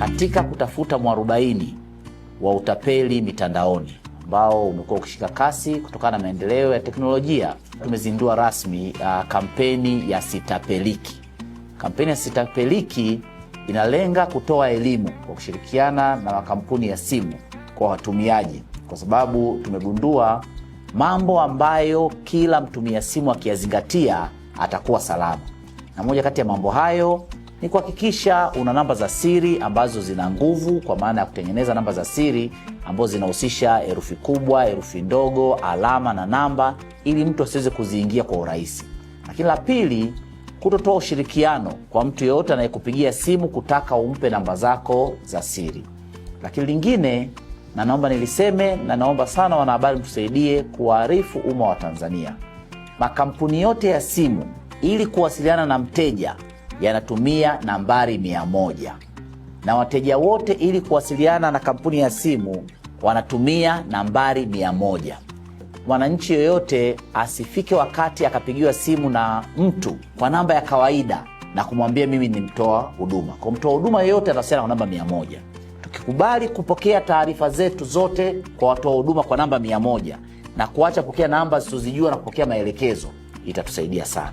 katika kutafuta mwarobaini wa utapeli mitandaoni ambao umekuwa ukishika kasi kutokana na maendeleo ya teknolojia. Tumezindua rasmi uh, kampeni ya Sitapeliki. Kampeni ya Sitapeliki inalenga kutoa elimu kwa kushirikiana na makampuni ya simu kwa watumiaji, kwa sababu tumegundua mambo ambayo kila mtumia simu akiyazingatia atakuwa salama, na moja kati ya mambo hayo ni kuhakikisha una namba za siri ambazo zina nguvu, kwa maana ya kutengeneza namba za siri ambazo zinahusisha herufi kubwa, herufi ndogo, alama na namba, ili mtu asiweze kuziingia kwa urahisi. Lakini la pili, kutotoa ushirikiano kwa mtu yeyote anayekupigia simu kutaka umpe namba zako za siri. Lakini lingine, na naomba niliseme, na naomba sana wanahabari mtusaidie kuwaarifu umma wa Tanzania, makampuni yote ya simu ili kuwasiliana na mteja yanatumia nambari mia moja na wateja wote ili kuwasiliana na kampuni ya simu wanatumia nambari mia moja. Mwananchi yoyote asifike wakati akapigiwa simu na mtu kwa namba ya kawaida na kumwambia mimi ni mtoa huduma. Kwa mtoa huduma yoyote atawasiliana na namba mia moja. Tukikubali kupokea taarifa zetu zote kwa watoa huduma kwa namba mia moja na kuacha kupokea namba zisizozijua na kupokea maelekezo, itatusaidia sana.